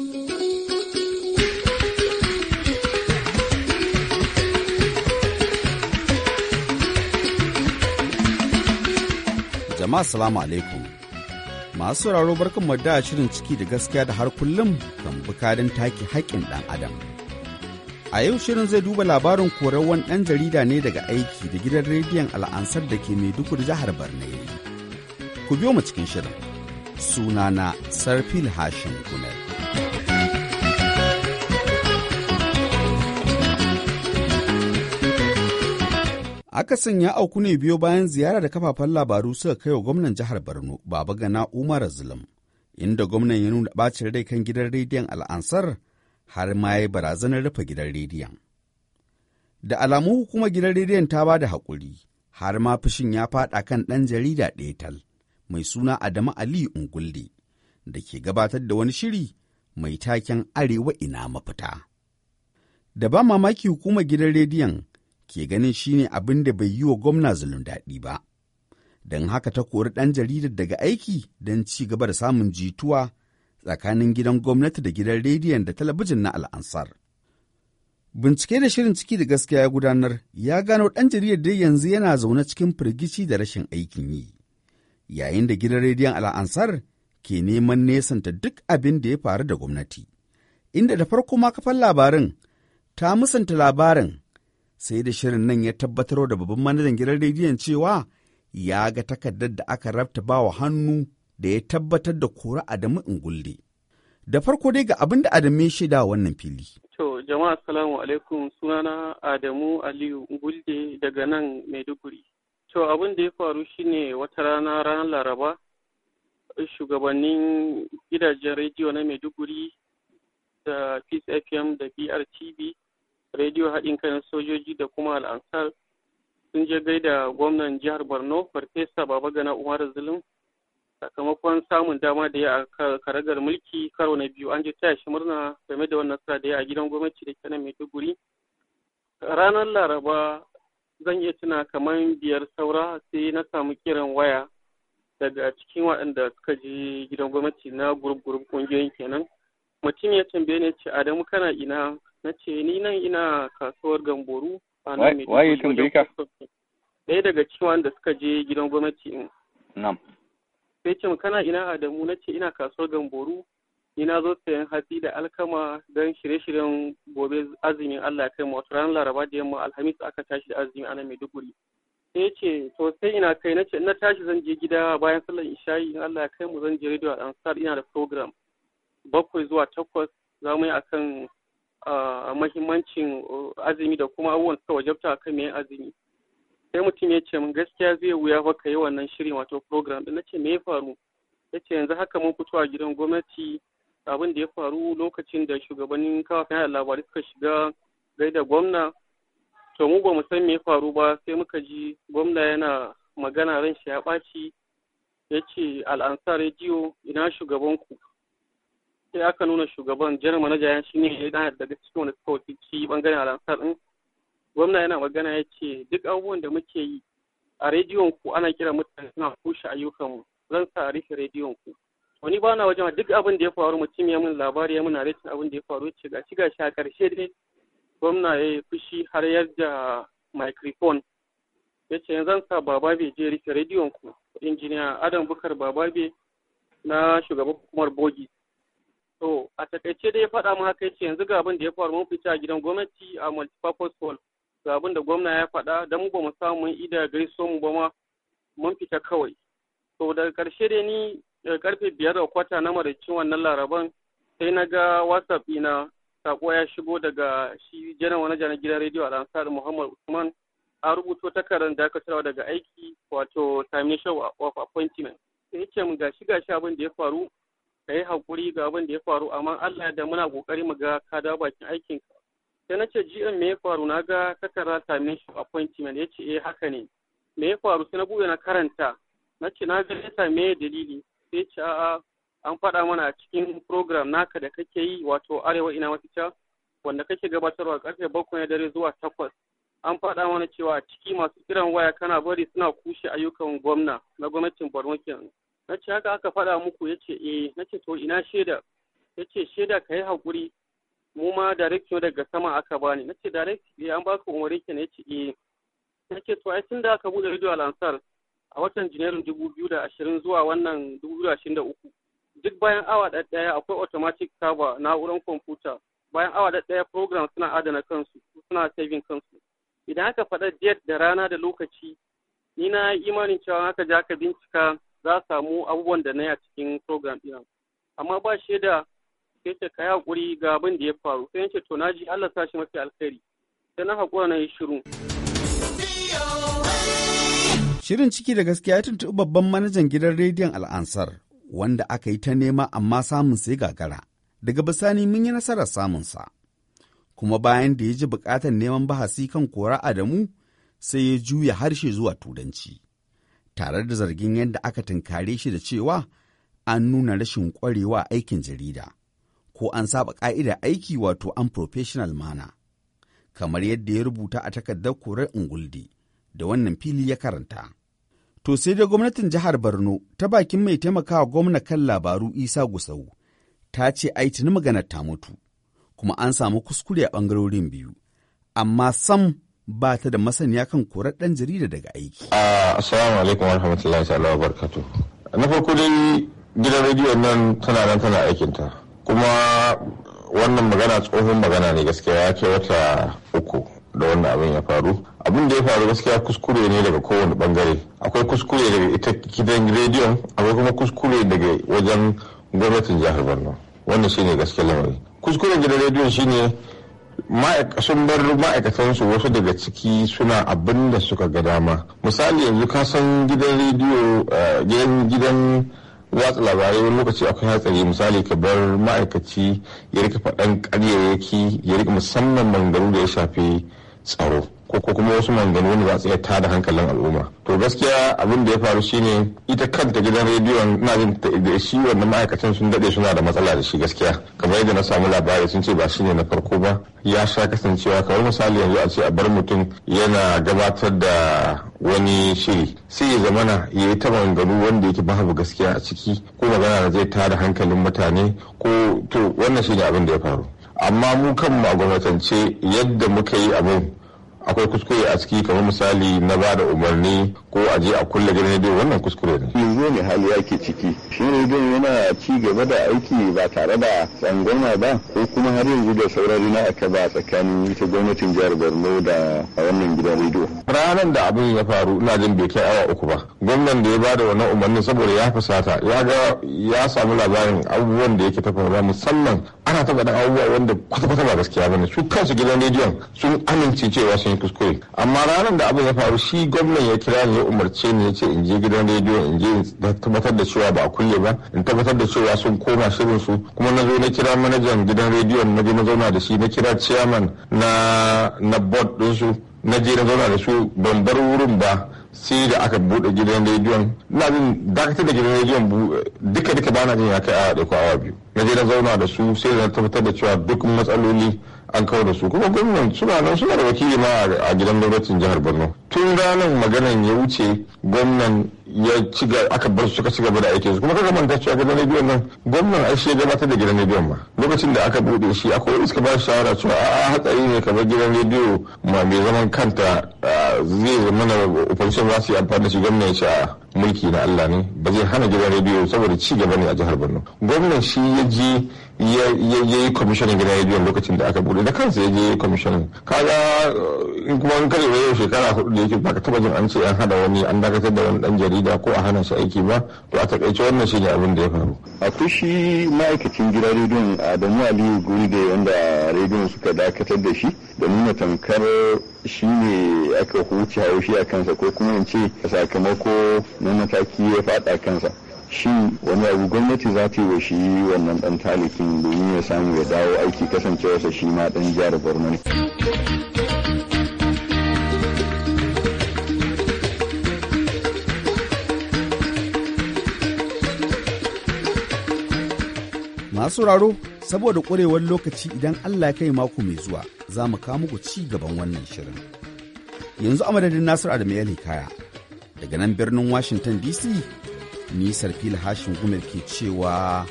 Jama'a salamu alaikum. Masu sauraro barkan mu da shirin ciki da gaskiya da har kullum kan bukadin take haƙƙin ɗan adam. A yau shirin zai duba labarin korawan ɗan jarida ne daga aiki da gidan rediyon al'ansar da ke mai Maiduguri jihar Borno. Ku biyo mu cikin shirin. Sunana Sarfil Hashim Gunar. Akasin ya auku ne biyo bayan ziyara da kafafen labaru suka kai wa gwamnan jihar Borno, Baba Gana Umar Zulum, inda gwamnan ya nuna ɓacin rai kan gidan rediyon Al'ansar har ma ya barazanar rufe gidan rediyon. Da alamu hukumar gidan rediyon ta ba da haƙuri, har ma fushin ya faɗa kan ɗan jarida ɗaya tal, mai suna Adamu Ali Ungulde, da ke gabatar da wani shiri mai taken Arewa ina mafita. Da ba mamaki hukumar gidan rediyon ke ganin shine abin da bai yi wa gwamna zulun daɗi ba. Don haka ta kori ɗan jaridar daga aiki don ci gaba da samun jituwa tsakanin gidan gwamnati da gidan rediyon da talabijin na al'ansar. Bincike da shirin ciki da gaskiya ya gudanar ya gano ɗan jaridar dai yanzu yana zaune cikin firgici da rashin aikin yi, yayin da gidan rediyon al'ansar ke neman nesanta duk abin da ya faru da gwamnati, inda da farko ma kafan labarin ta musanta labarin sai da shirin nan ya tabbatar da babban manajan gidan rediyon cewa ya ga takardar da aka rabta bawa hannu da ya tabbatar da kora Adamu in gulle. Da farko dai ga abin da Adamu ya shaida wannan fili. To jama'a salamu alaikum sunana Adamu Aliyu gulde daga nan Maiduguri. To abin da ya faru shine wata rana ranar Laraba shugabannin gidajen rediyo na Maiduguri da Peace FM da BRTV rediyo haɗin kan sojoji da kuma al'ansar sun je gaida gwamnan jihar borno farfesa baba, gana umar zulum sakamakon samun dama da ya a karagar mulki karo na biyu an ji taya shi murna game da wannan sa da ya a gidan gwamnati da kenan maiduguri ranar laraba zan iya tuna kamar biyar saura sai na samu kiran waya daga cikin waɗanda suka je gidan gwamnati na gurup ƙungiyoyin kenan mutum ya tambaye ne ce adamu kana ina na ce ni nan ina kasuwar gamboru a nan waye ɗaya daga cikin da suka je gidan gwamnati in nam sai ce kana ina adamu na ce ina kasuwar gamboru ina zo sayan hatsi da alkama don shirye-shiryen gobe azumin Allah ya kai Wasu ranar laraba da yamma alhamis aka tashi da azumi ana maiduguri sai ce to ina kai na ce na tashi zan je gida bayan sallar isha'i in Allah ya kai mu zan je radio ansar ina da program bakwai zuwa takwas za mu yi akan mahimmancin uh, azumi da kuma abubuwan suka wajabta kan me azumi sai mutum ya ce min gaskiya zai wuya baka yi wannan shirin wato program din nace me ya faru yace yanzu haka mun fito a gidan gwamnati abin da ya faru lokacin da shugabannin kawafin yada labarai suka shiga gaida gwamna to mu ba mu san me ya faru ba sai muka ji gwamna yana magana ran shi ya ɓaci ya ce al'ansar rediyo ina shugabanku sai aka nuna shugaban jiran manaja ya shine ya dana daga cikin wani suka wakilci bangaren alamsar din gwamna yana magana ya ce duk abubuwan da muke yi a rediyon ku ana kira mutane suna kushe ayyukan mu zan sa a rufe rediyon ku wani bana wajen duk abin da ya faru mutum ya min labari ya muna narratin abin da ya faru ce gashi gashi a karshe dai gwamna ya yi fushi har yadda microphone ya ce yanzu sa bababe je rufe rediyon ku injiniya adam bukar bababe na shugaban hukumar bogis To a takaice dai faɗa mu haka yace yanzu ga abin da ya faru mun fita gidan gwamnati a multipurpose hall ga abin da gwamna ya faɗa dan mu ba mu samu mun ida gaisuwa mu ba ma mun fita kawai. To daga ƙarshe dai ni daga karfe biyar da kwata na maraicin wannan laraban sai na ga whatsapp ina sako ya shigo daga shi janar wani janar gidan rediyo a lansar muhammad usman a rubuto takardar da aka daga aiki wato termination of appointment sai ce mu gashi gashi abin da ya faru ka yi haƙuri ga abin da ya faru amma Allah da muna ƙoƙari mu ga ka dawo bakin aikin ka sai na ce GM me ya faru na ga takarda ta min shi appointment ya ce eh haka ne me ya faru sai na buɗe na karanta na ce na ga leta me dalili sai ce a'a an faɗa mana a cikin program naka da kake yi wato arewa ina mafita wanda kake gabatarwa karfe bakwai na dare zuwa takwas an faɗa mana cewa a ciki masu kiran waya kana bari suna kushe ayyukan gwamna na gwamnatin borno kenan na ce haka aka faɗa muku ya ce eh na ce to ina shaida ya ce shaida ka yi haƙuri mu ma direct daga sama aka bani na ce direct ya eh, an baka umarni kenan ya ce eh na ce to ai tun da aka buɗe radio al'ansar a watan janairun dubu biyu da ashirin zuwa wannan dubu biyu da ashirin da uku duk bayan awa ɗaya akwai automatic cover na'urar kwamfuta bayan awa ɗaya program suna adana kansu suna saving kansu idan aka faɗa date da rana da lokaci ni na imanin cewa aka je aka bincika za a samu abubuwan da na yi a cikin program ɗin amma ba shi da sai ce ka yi haƙuri ga abin da ya faru sai yance to na ji Allah sa shi mafi alkhairi sai na haƙura na yi shiru. Shirin ciki da gaskiya ya tuntuɓi babban manajan gidan rediyon Al'ansar wanda aka yi ta nema amma samun sai gagara. Daga bisani mun yi nasarar samunsa. Kuma bayan da ya ji bukatar neman bahasi kan kora Adamu sai ya juya harshe zuwa Turanci. tare da zargin yadda aka tunkare shi da cewa an nuna rashin ƙwarewa aikin jarida ko an saba ƙa'idar aiki wato an unprofessional mana kamar yadda ya rubuta a takardar korar ungulde da wannan fili ya karanta. To sai da gwamnatin jihar Borno ta bakin mai taimakawa gwamna kan labaru Isa Gusau ta ce ai tuni maganar ta mutu kuma an samu kuskure a ɓangarorin biyu amma sam ba ta da masaniya kan korar ɗan jarida daga aiki. Assalamu alaikum wa rahmatullahi ta'ala wa barkatu. Na farko dai gidan rediyo nan tana nan tana aikin ta Kuma wannan magana tsohon magana ne gaskiya ya ke wata uku da wannan abin ya faru. Abin da ya faru gaskiya kuskure ne daga kowane bangare. Akwai kuskure daga ita gidan rediyon, akwai kuma kuskure daga wajen gwamnatin jihar Borno. Wannan shine gaskiya lamari. Kuskuren gidan rediyon shine sun bar ma'aikatansu wasu daga ciki suna abin da suka ga dama misali yanzu ka san gidan rediyo eh, gidan watsa labarai wani lokaci akwai hatsari misali ka bar ma'aikaci ya rika faɗan ƙaryayyaki ya rika musamman mangaru da ya shafi tsaro ko kuma wasu mangani wanda za su iya tada hankalin al'umma to gaskiya abin da ya faru shine ita kanta gidan rediyon na jin da shi wannan ma'aikacin sun dade suna da matsala da shi gaskiya kamar yadda na samu labari sun ce ba shine na farko ba ya sha kasancewa kamar misali yanzu a ce a bar mutum yana gabatar da wani shiri sai ya zamana ya yi ta maganganu wanda yake babu gaskiya a ciki ko magana da zai tada hankalin mutane ko to wannan shine abin da ya faru amma mu kanmu a gwamnatance yadda muka yi abin akwai kuskure a ciki kamar misali na ba da umarni ko a je a kulle gidan rediyo wannan kuskure ne. Yanzu ne hali yake ciki shi ne rediyon yana ci gaba da aiki ba tare da tsangwama ba ko kuma har yanzu da sauran rina aka ba tsakanin ita gwamnatin jihar Borno da wannan gidan rediyo. Ranar da abin ya faru ina jin bai kai awa uku ba gwamnan da ya ba da wannan umarnin saboda ya fusata ya ga ya samu labarin abubuwan da yake ta musamman ana ta faɗin abubuwa wanda kwata-kwata ba gaskiya ba bane su kansu gidan rediyon sun amince cewa sun yi kuskure amma ranar da abin ya faru shi gwamnan ya kira ni ya umarce ni ya ce in je gidan rediyon in je na tabbatar da cewa ba a kulle ba in tabbatar da cewa sun koma shirin su kuma na zo na kira manajan gidan rediyon na je na zauna da shi na kira chairman na na board din na je na zauna da su ban bar wurin ba sai da aka bude gidan rediyon ina jin dakatar da gidan rediyon duka duka bana jin ya kai a dauko awa biyu na je na zauna da su sai da na tabbatar da cewa duk matsaloli an kawo da su kuma gwamnan suna nan suna da wakili ma a gidan gwamnatin jihar borno tun ranar maganan ya wuce gwamnan ya ci aka bar su suka ci gaba da aikin su kuma kaga manta cewa gidan rediyon nan gwamnan ai shi ya gabatar da gidan rediyon ma lokacin da aka bude shi akwai iska ba shawara cewa a hatsari ne kamar gidan rediyo ma mai zaman kanta zai zama na opposition za su yi amfani da shi gwamnan ya ce mulki na Allah ne ba zai hana gidan rediyo saboda ci gaba ne a jihar Borno gwamnan shi ya je ya yi kwamishinan gidan rediyon lokacin da aka bude da kansa ya je kwamishinan kaga in kuma an kare yau shekara hudu da yake ba ka taba jin an ce an hada wani an dakatar da wani dan jarida ko a hana shi aiki ba to a takaice wannan shi ne abin da ya faru akwai shi ma'aikacin gidan rediyon Adamu Aliyu Guri da wanda rediyon suka dakatar da shi da nuna tamkar shi ne aka huce haushi a kansa ko kuma in ce sakamako wani mataki ya faɗa kansa shi wani abu gwamnati za ta yi wa shi wannan dan talikin domin ya samu ya dawo aiki kasancewarsa shi ma dan jihar borno ne masu raro saboda kurewar lokaci idan allah kai mako mai zuwa za mu kawo muku ci gaban wannan shirin yanzu a madadin nasiru adamu ya kaya daga nan birnin washington dc ni sarfila hashin gumel ke cewa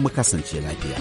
mu kasance lafiya.